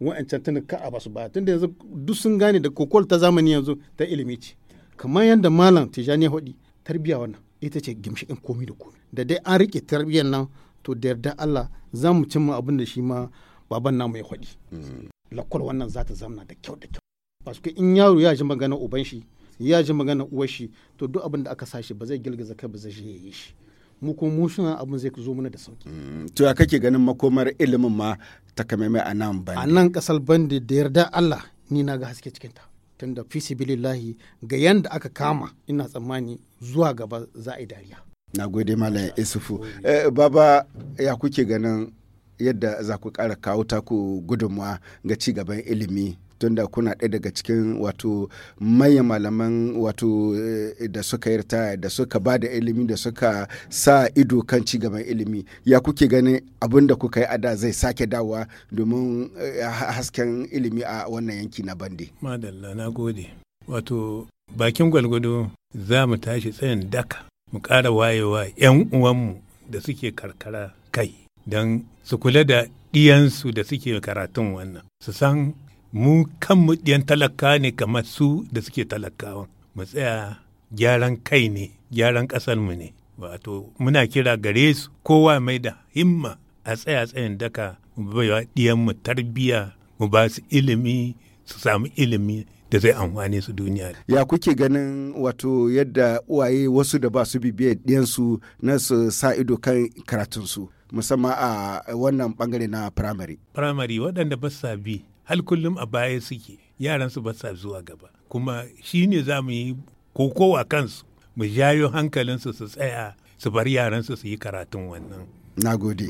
wa'ancan tana ka a basu baya tunda yanzu duk sun gane da kokol ta zamani yanzu ta ilimi ce kamar yadda malam tijani ya faɗi tarbiyya wannan ita ce gimshikin komi da komi da dai an riƙe tarbiyyar nan to da yarda Allah za mu cimma abin da shi ma baban namu ya faɗi. Mm. lakwal wannan za ta zamna da kyau da kyau su in yaro ya ji maganar uban shi ya ji maganar uwar shi to duk abin da aka sashi ba zai girgiza kai ba zai je ya yi shi mu kuma mu suna abin zai zo mana da sauki mm, to ya kake ganin makomar ilimin ma takamaimai a nan bandi a nan kasar bandi da yarda Allah ni na ga haske cikin ta tunda fisibilillahi ga yanda aka kama ina tsammani zuwa gaba za a yi dariya na gode malam isufu eh, baba ya kuke ganin yadda za ku ƙara kawo taku gudunmuwa ga ci gaban ilimi tunda kuna ɗaya daga cikin wato manyan malaman wato eh, da suka yi da suka ba da ilimi da suka sa ido kan cigaban ilimi ya kuke ganin abin da kuka yi ada zai sake dawa domin eh, hasken ilimi a wannan yanki na bande. madalla na gode wato bakin gwalgwado za mu tashi tsayin daka mu ƙara wayewa 'yan uwanmu da suke karkara kai don su kula da ɗiyansu da suke karatun wannan su san mu kanmu ɗiyan talaka ne kamar su da suke talakawa mu tsaya gyaran kai ne gyaran mu ne wato muna kira gare su kowa mai da himma a tsaya tsayin daka baiwa ɗiyanmu tarbiyya mu ba su ilimi su samu ilimi da zai amfane su duniya. Ya kuke ganin wato yadda uwaye wasu da ba su bibiyar ɗiyansu na su sa ido kan karatunsu musamman a wannan bangare na primary. Primary waɗanda ba sa bi hal kullum a baya suke yaran su ba sa zuwa gaba kuma shi ne za mu yi kokowa kansu mu jayo hankalinsu su tsaya su bar yaran su su yi karatun wannan. Nagode.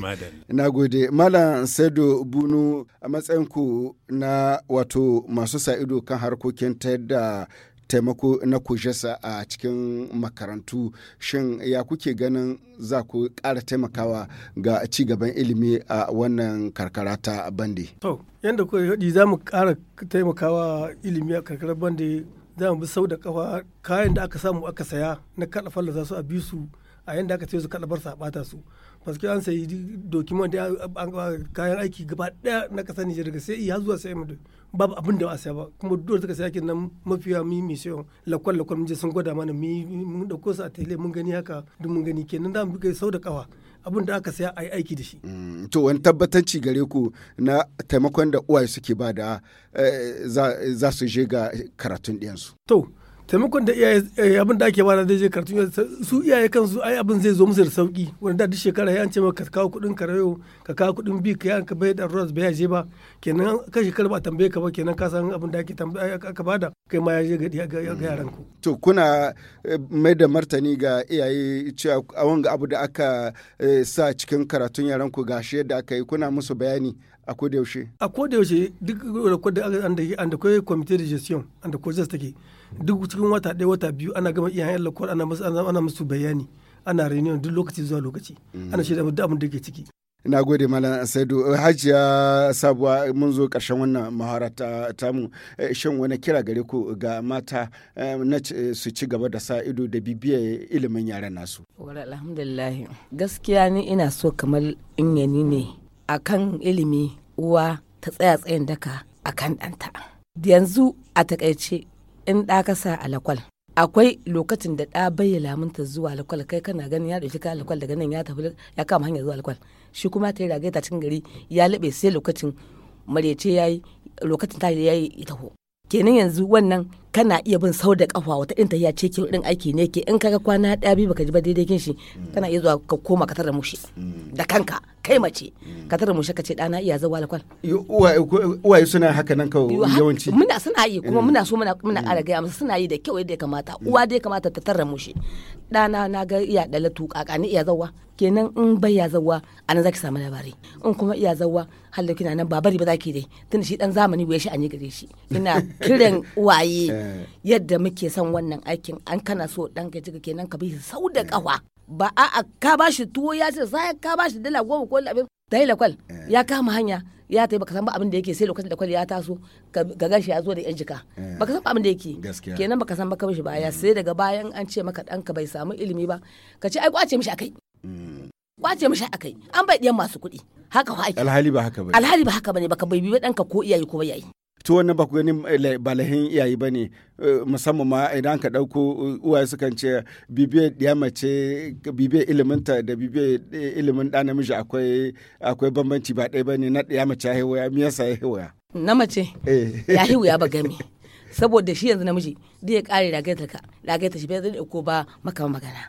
Nagode. Malam Saidu Bunu a matsayinku na wato masu sa ido kan harkokin ta yadda taimako na kujesa a cikin makarantu shin ya kuke ganin za ku ƙara taimakawa ga ci gaban ilimi a wannan karkara ta bande to yadda kuka yi za mu ƙara taimakawa ilimi a karkarar bande za mu bi sau da kafa kayan da aka samu aka saya na kaɗa fallasa su a bi su a yadda aka ce su kaɗa bar su a ɓata su que an sayi document da kayan aiki gaba daya na kasa Nijar daga sai e ya zuwa sai e mu babu abin da ba a saya ba kuma dole suka saya na mafiya mi sayo lakwal lakwal mun je sun gwada mana mi mun dauko su a tele mun gani haka duk mun gani kenan da mu kai sau da kawa abin da aka saya a aiki da shi. Mm, to wani tabbatanci gare ku na taimakon da uwaye suke ba da eh, za su je ga karatun ɗiyansu. To taimakon da iyaye eh, abin da ake bada zai je karatu su iyaye kansu ai abin zai zo musu da sauki wanda duk shekara ya ce maka ka kawo kuɗin karayo ka kawo kuɗin bi ka yanka bai da ruwa bai je ba kenan ka shekara ba tambaye ka ba kenan ka san abin da ake aka bada kai ma ya je ga yaran ku mm. to kuna eh, mai da martani ga iyaye cewa a wanga abu da aka eh, sa cikin karatun yaran ku gashi yadda aka yi kuna musu bayani a da yaushe a da yaushe duk rakwar da an da kai committee de gestion an da take duk cikin wata ɗaya wata biyu ana gama iyayen lakwar ana musu bayani ana reunion duk lokaci zuwa lokaci mm. ana shirya duk abin da ke ciki na gode malam saidu hajiya sabuwa mun zo karshen wannan mahara ta tamu eh, shin wani kira gare ku ga mata eh, na eh, su ci gaba da sa ido da bibiyar ilimin yaran nasu alhamdulillah gaskiya ni ina so kamar in ne a kan ilimi uwa ta tsaya tsayin daka a kan ɗanta. Yanzu a takaice in ɗa ka sa alakwal. Akwai lokacin da ɗa bayyana lamunta zuwa alakwal kai kana ganin ya ɗauki ka alakwal daga nan ya tafi ya kama hanyar zuwa alakwal. Shi kuma ta yi ragaita cikin gari ya laɓe sai lokacin marece ya yi lokacin ta ya yi taho. kenan yanzu wannan kana iya bin sau da kafa wata in tahiya ce ke irin aiki ne ke in kaga kwana daya biyu baka ji ba daidai kin shi kana iya zuwa ka koma ka tara mushi da kanka kai mace ka tara mushi ka ce ɗana iya zawa lakwal uwaye suna haka nan ka yawanci muna suna yi kuma mm. muna so muna muna mm. ƙara gaya masa suna yi da kyau yadda ya kamata mm. uwa dai kamata ta tara mushi ɗana na ga iya dala tuƙaƙa ni iya zawa kenan in bai ya zawa a nan zaki samu labari in kuma iya zawa hallo kina nan ba bari ba zaki dai tunda shi dan zamani bai shi anyi gare shi ina kiran waye eh. yadda muke son wannan aikin an kana so dan ka jiga kenan ka bi sau da kafa eh. ba a ka bashi tuwo ya ce sai ka bashi dala goma ko labin dai lakwal eh. ya kama hanya ya tafi baka san ba abin da yake sai lokacin da kwal ya taso ga gashi ya zo da yan jika baka san ba abin da yake kenan baka san ka mishi baya mm. sai daga bayan an ce maka danka bai samu ilimi ba ka ce ai kwace mishi akai kwace mishi akai an bai ɗiyan masu kuɗi haka fa ake alhali ba haka bane alhali ba haka bane baka bai bi ɗanka ko iyaye ko yayi to wannan ba ku gani eh, ba lahin iyaye ba ne eh, musamman ma idan ka ɗauko eh, uwaye sukan ce bibiya ɗiya mace ilimin iliminta da bibiya ilimin ɗa namiji akwai akwai bambanci ba ɗaya ba ne na ɗiya mace ya hewaya me yasa ya hewaya na mace ya hewaya ba game saboda shi yanzu namiji da ya ƙare ragaitar ragaitar shi bai zai ɗauko ba maka magana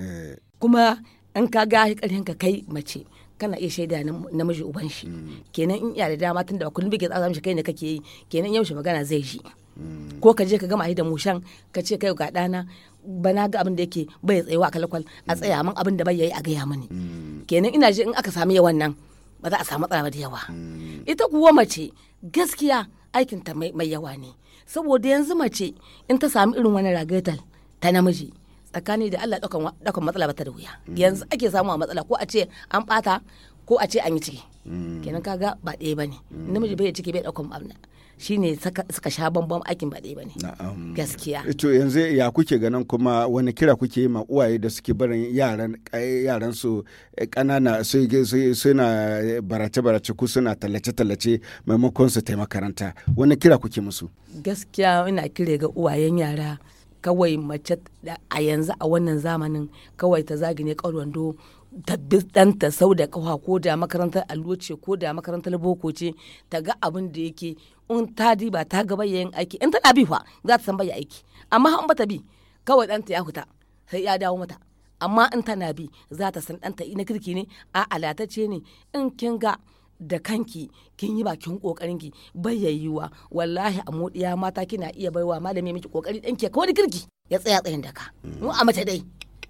kuma in ka ga ƙarfin ka kai mace kana iya shaida namiji uban shi mm. kenan in iya da dama tunda ba kullum bige tsaka mishi kai ne kake yi kenan yaushe magana zai ji mm. ko ka je ka gama da mushan ka ce kai ga dana bana ga abin da yake bai tsayawa a kalkwal a mm. tsaya min abin da bai yayi a gaya mani kenan ina ji in aka sami yawan nan ba za a samu matsala da yawa ita kuwa mace gaskiya aikinta mai yawa ne saboda yanzu mace in ta sami irin wani ragatal ta namiji tsakani da Allah ɗaukan matsala ba ta da wuya yanzu ake samu a matsala ko a ce an ɓata ko a ce an yi ciki kenan kaga ba ɗaya ba ne namiji bai ciki bai ɗaukan abu shi ne suka sha bambam aikin ba ɗaya ba ne gaskiya to yanzu ya kuke ganin kuma wani kira kuke yi ma uwaye da suke barin yaran eh, yaran su eh, ƙanana suna barace barace ku suna tallace tallace maimakon su taimakaranta wani kira kuke musu gaskiya ina kire ga uwayen yara kawai mace a yanzu a wannan zamanin kawai ta zagi ne ƙarwando ta ɗanta sau da kawa ko da makarantar allo ko da makarantar boko ce ta ga abin da yake in ta diba ta ga yin aiki in tana bi fa za ta san bayan aiki amma in bata bi kawai ɗanta ya huta sai ya dawo mata amma in tana bi za ta san ɗanta ina kirki ne a alatacce ne in kin ga da kanki kin yi bakin kokarinki bayyayiwa wallahi a modiya mata kina iya baiwa malami miki kokari danki ka wani kirki ya tsaya tsayin daka mm. mu a mace dai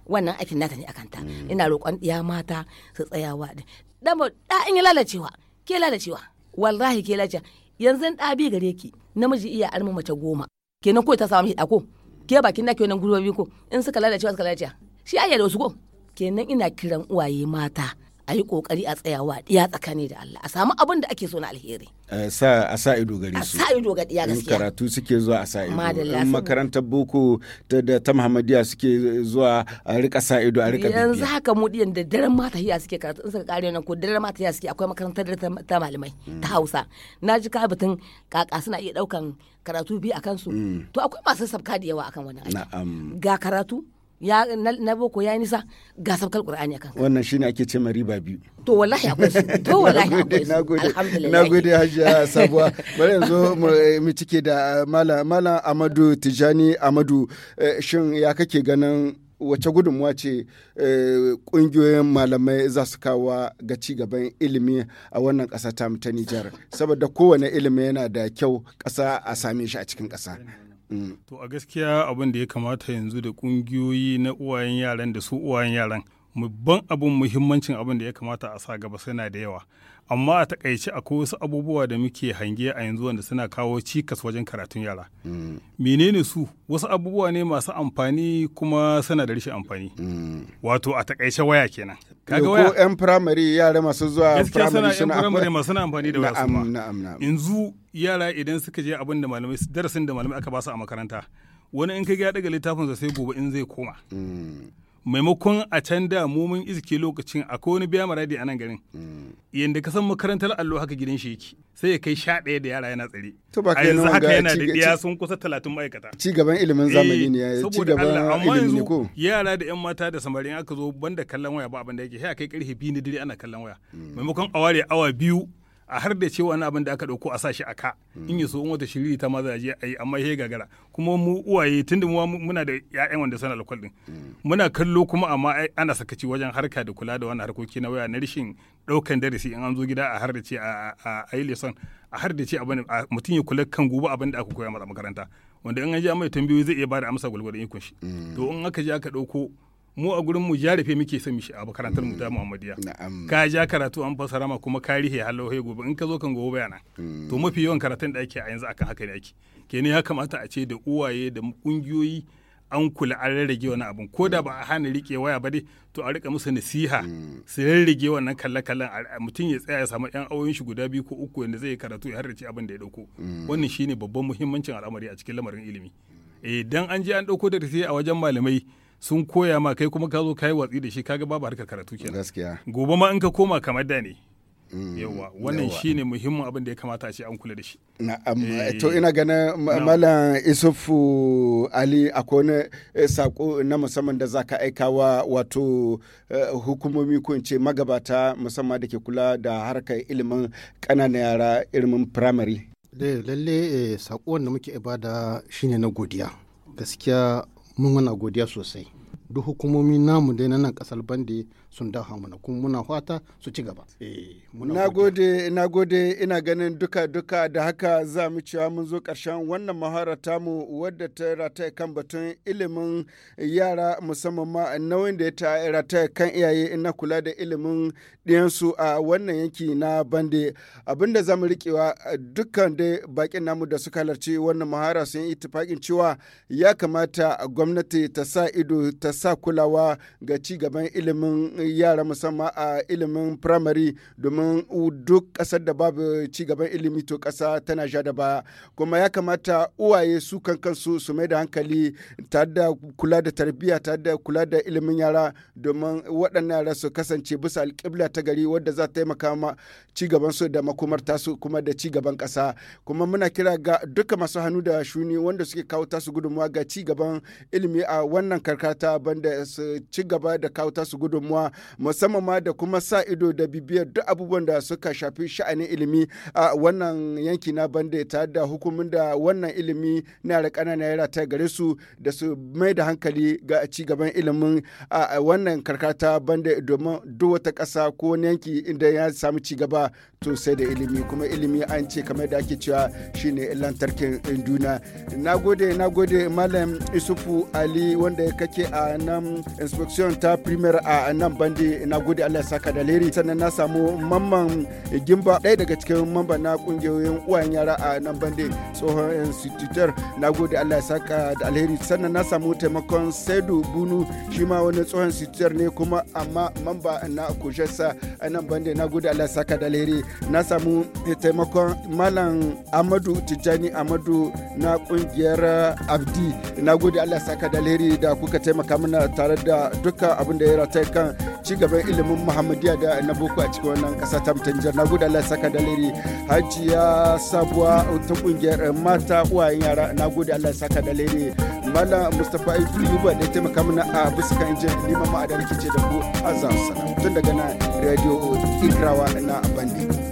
wannan aikin nata ne akan ta mm. ina roƙon iya mata su tsayawa da da in ya lalacewa ke lalacewa wallahi ke lalacewa yanzu da bi gare ki namiji iya arma mace goma kenan ko ta samu shi dako ke bakin ke nan gurbabi ko in suka lalacewa suka lalacewa shi ayya da wasu ko kenan ina kiran uwaye mata a yi kokari a tsayawa ya tsakani da Allah a samu abin da ake so na alheri a sa ido gare su a sa ido ga diya gaskiya karatu suke zuwa a sa ido in makarantar boko da ta Muhammadiyya suke zuwa a rika sa ido a rika yanzu haka mu diyan da daren mata hiya suke karatu in suka kare nan ko daren mata hiya suke akwai makarantar ta malamai ta mm. Hausa na ji ka batun kaka suna iya daukan karatu biyu akan su mm. to akwai masu sabka da yawa akan wannan aiki ga karatu ya na boko ya nisa ga sabkal qur'ani akan wannan shine ake ce mari riba biyu to wallahi akwai su to wallahi akwai su alhamdulillah nagode hajiya sabuwa bari yanzu mu eh, cike da eh, mala mala amadu tijani amadu eh, shin ya kake ganin wace gudunmuwa ce kungiyoyin malamai za su kawo ga ci gaban ilimi a wannan kasa ta ta Nijar saboda kowane ilimi yana da kyau kasa a same shi a cikin kasa. To a gaskiya abin da ya kamata yanzu da kungiyoyi na uwayen yaran da su uwayen yaran ban abin muhimmancin abin da ya kamata a sa gaba suna da yawa. amma a takaice akwai wasu abubuwa da muke hange a yanzu wanda suna kawo cikas wajen karatun yara menene su wasu abubuwa ne masu amfani kuma suna da rashin amfani wato a takaice waya kenan kaga waya ko yan firamare yara masu zuwa firamare suna firamare masu na amfani da wasu ma yanzu yara idan suka je abin da malamai darasin da malamai aka ba su a makaranta wani in ka ga daga littafin sai gobe in zai koma maimakon a can da mumun izike lokacin ko wani biya maradi a nan garin yadda ka san makarantar allo haka gidan shi yake sai ya kai sha ɗaya da yara yana tsare a yanzu haka yana da ɗiya sun kusa talatin ma'aikata ci gaban ilimin eh, zamani ne ya ci gaban ilimin ko yara da yan mata da samarin aka zo banda kallon waya ba abin da yake sai a kai karfe biyu na dare ana kallon waya maimakon a ware awa biyu a har da cewa wani abin da aka dauko a sashi shi a in yi so in wata shiri ta ma a je a yi amma he gagara kuma mu uwaye tunda mu muna da ƴaƴan wanda sana alkwal din muna kallo kuma amma ana sakaci wajen harka da kula da wani harkoki na waya na rishin daukan darasi in an zo gida a har da ce a yi lesson a har da ce abin mutum ya kula kan gobe abin da aka koya masa makaranta wanda in an je mai tambayoyi zai iya bada amsa gwalgwadon ikon shi to in aka je aka dauko mu a gurin mu jarafe muke son mishi a makarantar mu ta mm. Muhammadiya ka ja karatu an fasara ma kuma ka rihe halawaye gobe in ka zo kan gobe bayana mm. to mafi yawan karatun da ake a yanzu akan haka ne ake kenan ya kamata a ce da uwaye da kungiyoyi an kula an rarrage wani abin ko da ba a hana rike waya ba dai to a rika musu nasiha mm. su rarrage wannan kalle-kallen mutum ya tsaya ya samu yan auyen shi guda biyu ko uku wanda zai karatu ya harrace abin da ya dauko wannan shine babban muhimmancin al'amari a cikin lamarin ilimi eh dan an je an dauko da a wajen malamai sun koya ma kai kuma ka zo ka yi watsi da shi kaga babu harkar karatu kenan gaskiya gobe ma in ka koma kamar da ne mm, yawa wannan shine muhimmin abin da ya kamata a ce an kula da shi na'am eh. to ina ganin malam isufu ali akwai wani eh, sako na musamman da zaka aika wa wato eh, hukumomi ko in ce magabata musamman da ke kula da harkar ilimin kananan yara ilimin firamare lalle sako da muke ibada shine na godiya gaskiya mun wana godiya sosai duk hukumomi namu dai na nan kasar bande sun dawo mana kuma muna fata su ci gaba. Eh, na gode, na gode ina ganin duka duka da haka za mu cewa mun zo ƙarshen wannan mahara mu wadda ta rataya kan batun ilimin yara musamman ma nauyin da ta rataya kan iyaye na kula da ilimin ɗiyansu a wannan yanki na bande abinda za mu riƙewa dukkan dai bakin namu da suka halarci wannan mahara sun yi itifakin cewa ya kamata gwamnati ta sa ido ta sa kulawa ga ci gaban ilimin yara musamman a ilimin firamare domin duk kasar da babu ci gaban ilimi to kasa tana ja da baya kuma ya kamata uwaye su kankan kansu su mai da hankali ta da kula da tarbiyya ta da kula da ilimin yara domin waɗannan yara su kasance bisa alƙibla ta gari wadda za ta taimaka ma ci gaban su da makomar tasu kuma da ci gaban ƙasa kuma muna kira ga duka masu hannu da shuni wanda suke kawo tasu gudunmawa ga ci gaban ilimi a wannan karkata daban da su ci gaba da kawo tasu gudunmuwa musamman ma da kuma sa ido da bibiyar duk abubuwan da suka shafi sha'anin ilimi a wannan yanki na banda ta da hukumin da wannan ilimi na yara ƙanana yara ta gare su da su mai da hankali ga ci gaban ilimin a wannan karkata banda domin duk wata ƙasa ko wani yanki inda ya samu ci gaba to sai da ilimi kuma ilimi an ce kamar da ake cewa shine lantarkin duna na gode na gode malam isufu ali wanda kake a nan inspection ta premier a nan bandi na gode allah saka da leri sannan na samu mamman gimba ɗaya daga cikin mamba na kungiyoyin uwayen yara a nan bandi tsohon institutar na gode allah saka da alheri sannan na samu taimakon saidu bunu shi ma wani tsohon institutar ne kuma amma mamba na kujesa a nan bandi na gode allah saka da alheri na samu taimakon malam amadu tijjani amadu na kungiyar abdi na gode allah saka da alheri da kuka taimaka mana tare da duka abin da ya rata kan cigaban ilimin muhammadiya da na boko a cikin wannan kasa ta mutanjar na gode allah saka da alheri hajiya sabuwa ta kungiyar mata uwayen yara na gode allah saka da alheri mala mustapha aibu yuba da ya taimaka mana a bisa injin liman ma'adar ce da ku azan sana tun daga na radio ikrawa na bandi